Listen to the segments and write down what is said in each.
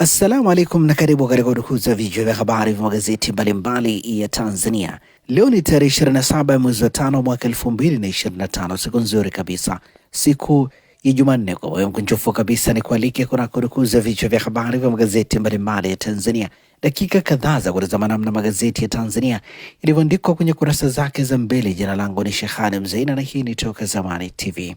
Assalamu alaikum na karibu katika udukuzi wa vichwa vya habari vya magazeti mbalimbali ya Tanzania. Leo ni tarehe 27 ya mwezi wa tano mwaka 2025, siku nzuri kabisa, siku ya Jumanne. Kwa moyo mkunjufu kabisa ni kualike kuna kudukuzi wa vichwa vya habari vya magazeti mbalimbali ya Tanzania, dakika kadhaa za kutazama namna magazeti ya Tanzania ilivyoandikwa kwenye kurasa zake za mbele. Jina langu ni Shehani mzeina na hii ni Toka Zamani TV.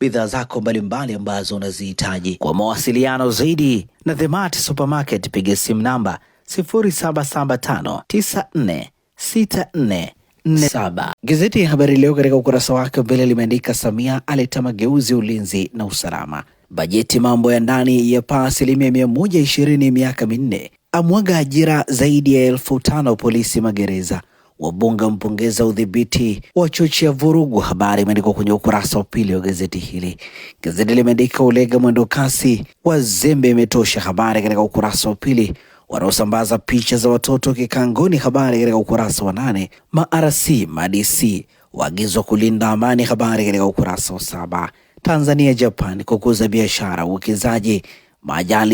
bidhaa zako mbalimbali ambazo unazihitaji. Kwa mawasiliano zaidi na The Mart Supermarket, piga simu namba 0775946447. Gazeti ya Habari Leo katika ukurasa wake mbele limeandika Samia aleta mageuzi ulinzi na usalama, bajeti mambo ya ndani ya paa asilimia mia moja ishirini miaka minne, amwaga ajira zaidi ya elfu tano polisi magereza Wabunge wampongeza udhibiti wa vurugu. Habari imeandikwa kwenye ukurasa wa pili wa gazeti hili. Gazeti limeandika ulega mwendo kasi zembe imetosha, habari katika ukurasa wa pili. Wanaosambaza picha za watoto kikangoni, habari katika ukurasa wa nane. MRC MDC waagizwa kulinda amani, habari katika ukurasa wa saba. Tanzania Japan kukuza biashara uwekezaji.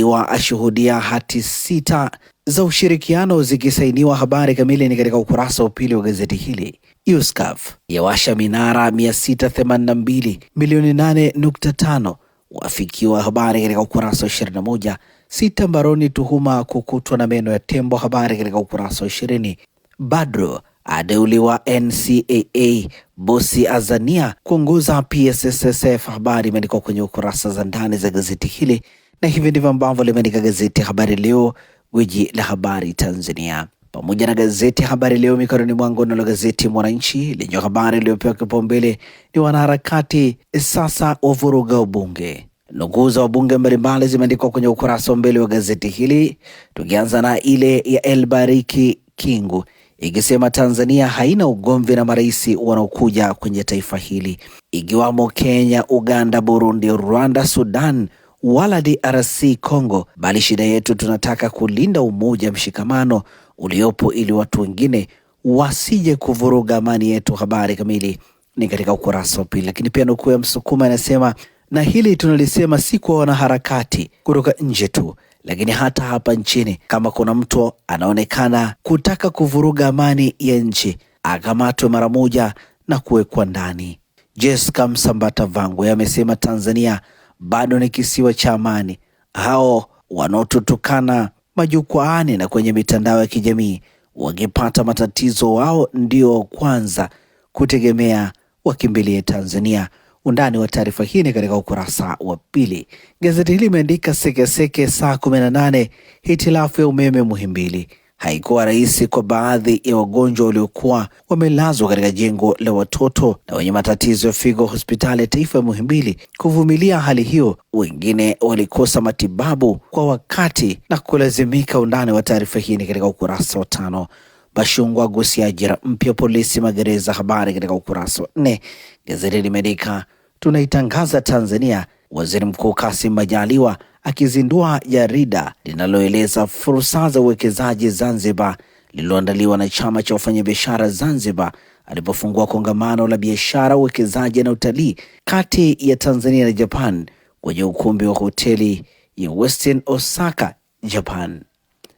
wa ashuhudia hati sita za ushirikiano zikisainiwa. Habari kamili ni katika ukurasa wa pili wa gazeti hili. Yuskaf yawasha minara 682 milioni 8.5 wafikiwa, habari katika ukurasa wa 21. Sita mbaroni tuhuma kukutwa na meno ya tembo, habari katika ukurasa wa 20. Badru adeuliwa NCAA, bosi Azania kuongoza PSSSF, habari imeandikwa kwenye ukurasa za ndani za gazeti hili, na hivi ndivyo ambavyo limeandika gazeti Habari Leo wiji la habari Tanzania pamoja na gazeti Habari Leo mikononi mwangu. Nalo gazeti Mwananchi lenye habari iliyopewa kipaumbele ni wanaharakati sasa wavuruga ubunge. Nukuu za wabunge mbalimbali zimeandikwa kwenye ukurasa wa mbele wa gazeti hili, tukianza na ile ya Elbariki Kingu ikisema Tanzania haina ugomvi na marais wanaokuja kwenye taifa hili ikiwamo Kenya, Uganda, Burundi, Rwanda, Sudan, wala DRC Congo, bali shida yetu tunataka kulinda umoja, mshikamano uliopo ili watu wengine wasije kuvuruga amani yetu. Habari kamili ni katika ukurasa wa pili. Lakini pia nukuu ya Msukuma inasema, na hili tunalisema si kwa wanaharakati kutoka nje tu, lakini hata hapa nchini. Kama kuna mtu anaonekana kutaka kuvuruga amani ya nchi, akamatwe mara moja na kuwekwa ndani. Jessica Msambata Vangwe amesema Tanzania bado ni kisiwa cha amani. Hao wanaotutukana majukwaani na kwenye mitandao ya kijamii wangepata matatizo, wao ndio kwanza kutegemea wakimbilie Tanzania. Undani wa taarifa hii ni katika ukurasa wa pili. Gazeti hili limeandika sekeseke, saa 18 hitilafu ya umeme Muhimbili haikuwa rahisi kwa baadhi ya wagonjwa waliokuwa wamelazwa katika jengo la watoto na wenye matatizo ya figo hospitali ya taifa ya Muhimbili kuvumilia hali hiyo. Wengine walikosa matibabu kwa wakati na kulazimika. Undani wa taarifa hii ni katika ukurasa wa tano. Bashungwa gusia ajira mpya polisi magereza, habari katika ukurasa wa nne. Gazeti limeandika tunaitangaza Tanzania, waziri mkuu Kassim Majaliwa akizindua jarida linaloeleza fursa za uwekezaji Zanzibar lililoandaliwa na chama cha wafanyabiashara Zanzibar alipofungua kongamano la biashara, uwekezaji na utalii kati ya Tanzania na Japan kwenye ukumbi wa hoteli ya Westin Osaka, Japan.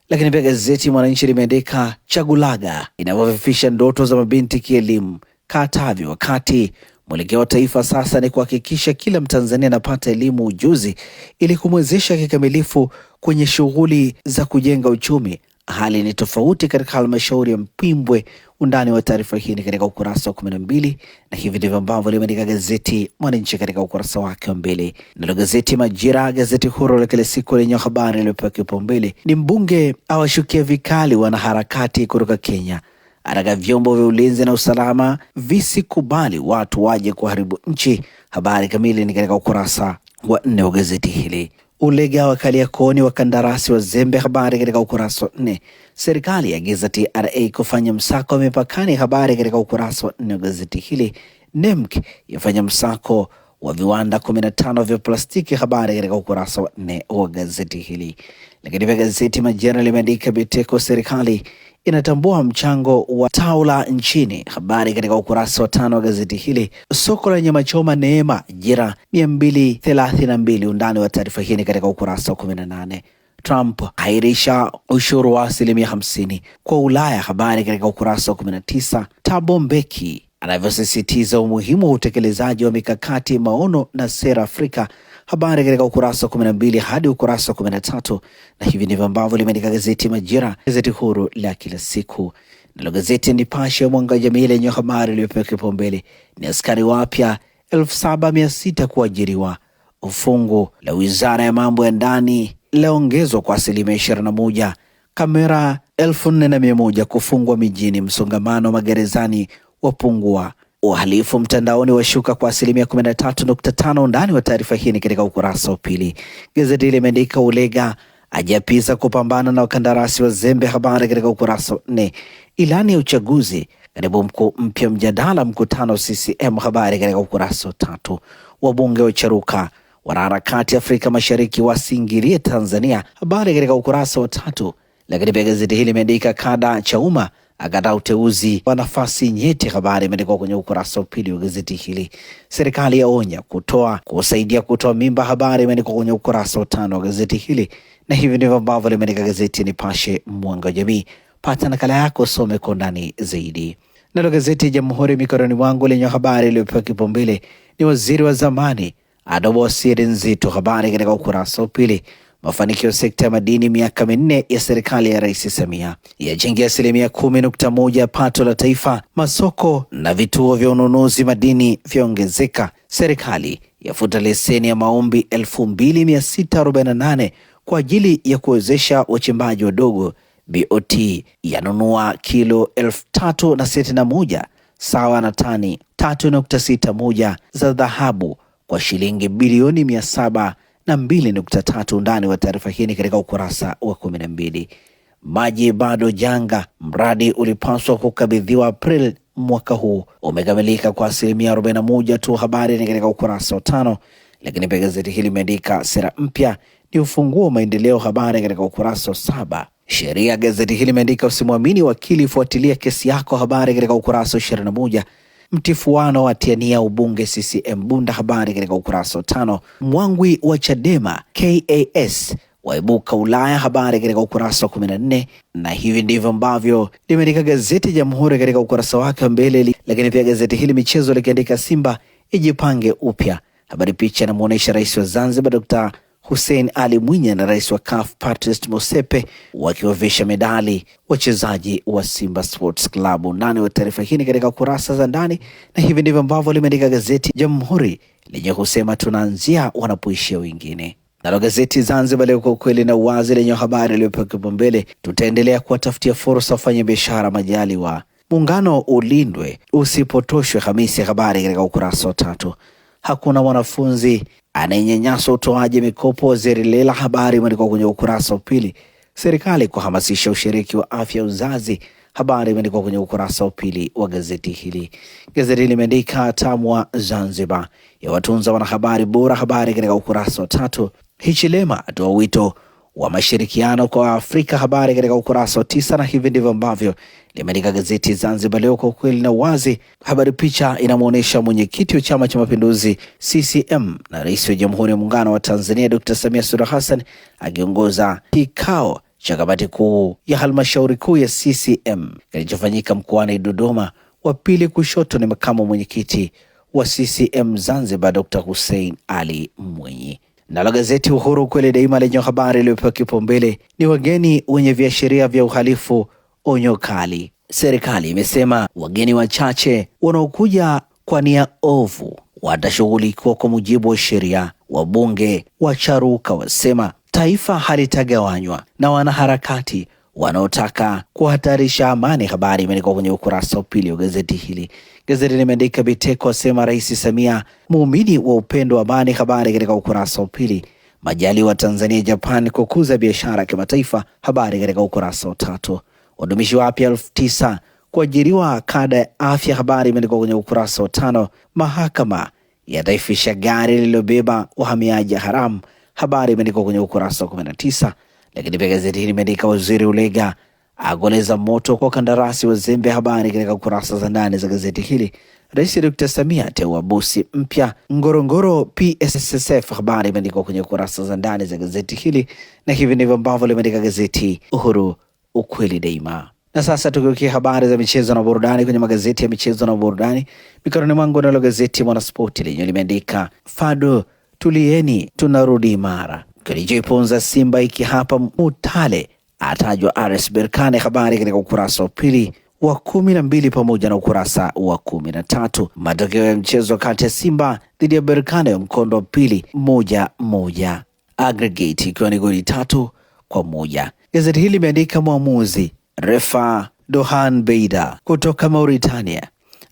Lakini pia gazeti Mwananchi limeandika Chagulaga inavyofifisha ndoto za mabinti kielimu Katavi wakati Mwelekeo wa taifa sasa ni kuhakikisha kila Mtanzania anapata elimu, ujuzi ili kumwezesha kikamilifu kwenye shughuli za kujenga uchumi. Hali ni tofauti katika halmashauri ya Mpimbwe. Undani wa taarifa hii ni katika ukurasa wa kumi na mbili, na hivi ndivyo ambavyo limeandika gazeti Mwananchi katika ukurasa wake wa mbili. Nalo gazeti Majira, gazeti huru la kila siku lenye habari iliyopewa kipaumbele ni mbunge awashukia vikali wanaharakati kutoka Kenya ataka vyombo vya ulinzi na usalama visikubali watu waje kuharibu nchi. Habari kamili ni katika ukurasa wa nne wa gazeti hili. Ulega wa Kariakoni wakandarasi wazembe, habari katika ukurasa wa nne. Serikali yaagiza TRA kufanya msako mipakani, habari katika ukurasa wa nne wa gazeti hili. NEMC yafanya msako wa viwanda kumi na tano vya plastiki, habari katika ukurasa wa nne wa gazeti hili. Lakini pia gazeti Majira limeandika Biteko, serikali inatambua mchango wa Taula nchini. Habari katika ukurasa wa tano wa gazeti hili. Soko la nyama choma neema ajira 232. Undani wa taarifa hii ni katika ukurasa wa 18. Trump hairisha ushuru wa asilimia 50 kwa Ulaya. Habari katika ukurasa wa 19. Tabo Mbeki anavyosisitiza umuhimu wa utekelezaji wa mikakati maono na sera Afrika habari katika ukurasa wa mbili hadi ukurasa wa 13, na hivi ndivyo ambavyo limeandika gazeti Majira, gazeti huru la kila siku. Nalo gazeti ya Nipashe ya mwanga wa jamii lenye habari iliyopewa kipaumbele ni askari wapya 7600 kuajiriwa. Ufungu la wizara ya mambo ya ndani laongezwa kwa asilimia Kamera 4100 kufungwa mijini, msongamano magerezani wapungua. Uhalifu mtandaoni washuka kwa asilimia 13.5. Ndani wa taarifa hii ni katika ukurasa wa pili. Gazeti hili limeandika Ulega ajapisa kupambana na wakandarasi wazembe, habari katika ukurasa wa nne. Ilani ya uchaguzi katibu mkuu mpya mjadala mkutano CCM, habari katika ukurasa wa tatu. Wabunge wacharuka wanaharakati Afrika Mashariki wasiingilie Tanzania, habari katika ukurasa wa tatu. Lakini pia gazeti hili limeandika kada cha umma akataa uteuzi wa nafasi nyeti. Habari imeandikwa kwenye ukurasa wa pili wa gazeti hili. Serikali ya onya kutoa kusaidia kutoa mimba, habari imeandikwa kwenye ukurasa wa tano wa gazeti hili, na hivi ndivyo ambavyo limeandika gazeti ya Nipashe mwanga wa jamii. Pata nakala yako, some kwa ndani zaidi. Nalo gazeti ya Jamhuri mikononi mwangu lenye habari iliyopewa kipaumbele ni waziri wa zamani adobo siri nzito, habari katika ukurasa wa pili Mafanikio ya sekta ya madini miaka minne ya serikali ya Rais Samia yachangia asilimia kumi nukta moja ya pato la taifa. Masoko na vituo vya ununuzi madini vyaongezeka. Serikali yafuta leseni ya maombi 2648 kwa ajili ya kuwezesha wachimbaji wadogo. BOT yanunua kilo 3061 sawa na tani 3.61 za dhahabu kwa shilingi bilioni saba na mbili nukta tatu. Undani wa taarifa hii ni katika ukurasa wa kumi na mbili. Maji bado janga, mradi ulipaswa kukabidhiwa april mwaka huu umekamilika kwa asilimia 41 tu. Habari ni katika ukurasa wa tano. Lakini pia gazeti hili limeandika sera mpya ni ufunguo wa maendeleo, habari katika ukurasa wa saba. Sheria, gazeti hili limeandika usimwamini wakili, fuatilia kesi yako, habari katika ukurasa wa moja. Mtifuano wa tiania ubunge CCM Bunda, habari katika ukurasa wa tano. Mwangwi wa Chadema kas waibuka Ulaya, habari katika ukurasa wa 14. Na hivi ndivyo ambavyo limeandika gazeti Jamhuri katika ukurasa wake mbele, lakini pia gazeti hili michezo likiandika Simba ijipange upya, habari picha inamwonyesha rais wa Zanzibar Dr Hussein Ali Mwinyi na rais wa CAF Patrice Motsepe wakiwavisha medali wachezaji wa Simba Sports Club. Undani wa taarifa hii katika kurasa za ndani, na hivi ndivyo ambavyo limeandika gazeti Jamhuri lenye kusema tunaanzia wanapoishia wengine. Nalo gazeti Zanzibar Leo, kwa ukweli na uwazi, lenye habari iliyopewa kipaumbele, tutaendelea kuwatafutia fursa wafanya biashara Majaliwa, muungano ulindwe usipotoshwe. Hamisi habari katika ukurasa wa tatu. Hakuna wanafunzi anayenyanyasa utoaji mikopo zerilela. Habari imeandikwa kwenye ukurasa wa pili. Serikali kuhamasisha ushiriki wa afya uzazi. Habari imeandikwa kwenye ukurasa wa pili wa gazeti hili. Gazeti limeandika TAMWA Zanzibar ya watunza wanahabari bora, habari katika ukurasa wa tatu. Hichilema atoa wito wa mashirikiano kwa Afrika. Habari katika ukurasa wa tisa, na hivi ndivyo ambavyo limeandika gazeti Zanzibar Leo kwa ukweli na uwazi. Habari picha inamwonyesha mwenyekiti wa Chama cha Mapinduzi CCM na rais wa Jamhuri ya Muungano wa Tanzania Dr. Samia Suluhu Hassan akiongoza kikao cha kamati kuu ya halmashauri kuu ya CCM kilichofanyika mkoani Dodoma. Wa pili kushoto ni makamu mwenyekiti wa CCM Zanzibar Dr. Hussein Ali Mwinyi. Nalo gazeti Uhuru kweli daima lenye habari iliyopewa kipaumbele ni wageni wenye viashiria vya uhalifu, onyo kali. Serikali imesema wageni wachache wanaokuja kwa nia ovu watashughulikiwa kwa mujibu wa sheria. Wabunge wacharuka, wasema taifa halitagawanywa na wanaharakati wanaotaka kuhatarisha amani. Habari imeandikwa kwenye ukurasa wa pili wa gazeti hili. Gazeti limeandika Biteko asema Rais Samia muumini wa upendo wa amani, habari katika ukurasa wa pili. Majali wa Tanzania Japan kukuza biashara kimataifa, habari katika ukurasa wa tatu. Wadumishi wapya elfu tisa kuajiriwa kada ya afya, habari imeandikwa kwenye ukurasa wa tano. Mahakama yataifisha gari lililobeba wahamiaji haramu, habari imeandikwa kwenye ukurasa wa kumi na tisa. Lakini pia gazeti hili limeandika waziri Ulega agoleza moto kwa kandarasi wa Zembe, Habari katika kurasa za ndani za gazeti hili. Rais Dr Samia ateua bosi mpya Ngorongoro PSSF. Habari imeandikwa kwenye kurasa za ndani za gazeti hili, na hivi ndivyo ambavyo limeandika gazeti Uhuru, ukweli daima. Na sasa tukiokia habari za michezo na burudani kwenye magazeti ya michezo na burudani mikononi mwangu, nalo gazeti Mwanaspoti lenyewe limeandika Fado tulieni, tunarudi imara kilichoiponza Simba iki hapa. Mutale atajwa ares Berkane, habari katika ukurasa wa pili wa kumi na mbili pamoja na ukurasa wa kumi na tatu. Matokeo ya mchezo kati ya Simba dhidi ya Berkane wa mkondo wa pili moja moja, aggregate ikiwa ni goli tatu kwa moja. Gazeti hili limeandika mwamuzi refa Dohan Beida kutoka Mauritania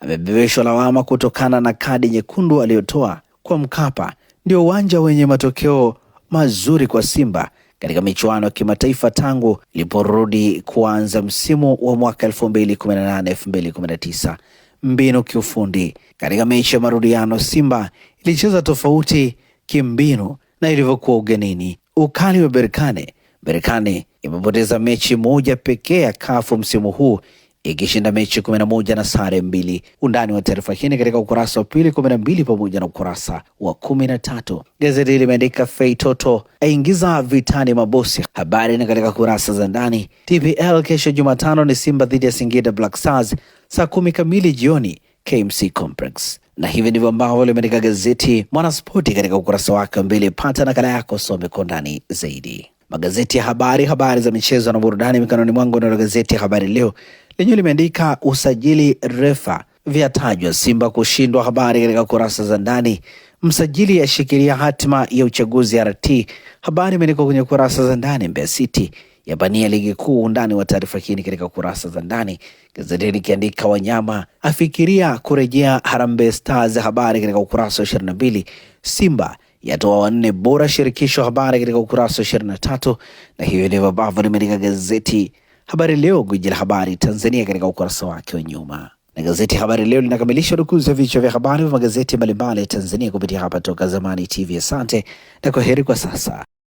amebebeshwa lawama kutokana na kadi nyekundu aliyotoa kwa Mkapa, ndio uwanja wenye matokeo mazuri kwa Simba katika michuano ya kimataifa tangu iliporudi kuanza msimu wa mwaka 2018 2019. Mbinu kiufundi: katika mechi ya marudiano Simba ilicheza tofauti kimbinu na ilivyokuwa ugenini. Ukali wa Berkane. Berkane imepoteza mechi moja pekee ya kafu msimu huu ikishinda mechi 11 na sare mbili. Undani wa taarifa hii katika ukurasa wa pili 12 pamoja na ukurasa wa 13. Gazeti limeandika Fei Toto aingiza vitani mabosi, habari ni katika kurasa za ndani. TPL kesho Jumatano ni Simba dhidi ya Singida Black Stars saa kumi kamili jioni KMC Complex na hivi ndivyo ambavyo limeandika gazeti Mwanaspoti katika ukurasa wake mbili. Pata nakala yako, some kwa ndani zaidi magazeti ya habari, habari za michezo na burudani mikononi mwangu. Nalo gazeti ya Habari Leo lenyewe limeandika usajili refa vyatajwa Simba kushindwa, habari katika kurasa za ndani. Msajili ashikilia hatima ya uchaguzi RT, habari imeandikwa kwenye kurasa za ndani. Mbeya City yabania ligi kuu, undani wa taarifa hii katika kurasa za ndani. Gazeti likiandika wanyama afikiria kurejea Harambee Stars, habari katika ukurasa wa 22. Simba yatoa wanne bora shirikisho, habari katika ukurasa wa tatu. Na hiyo ndivyo ambavyo limeandika gazeti Habari Leo, gwiji la habari Tanzania, katika ukurasa wake wa nyuma. Na gazeti Habari Leo linakamilisha udukuzi wa vichwa vya habari vya magazeti mbalimbali ya Tanzania kupitia hapa Toka Zamani TV. Asante na kwaheri kwa sasa.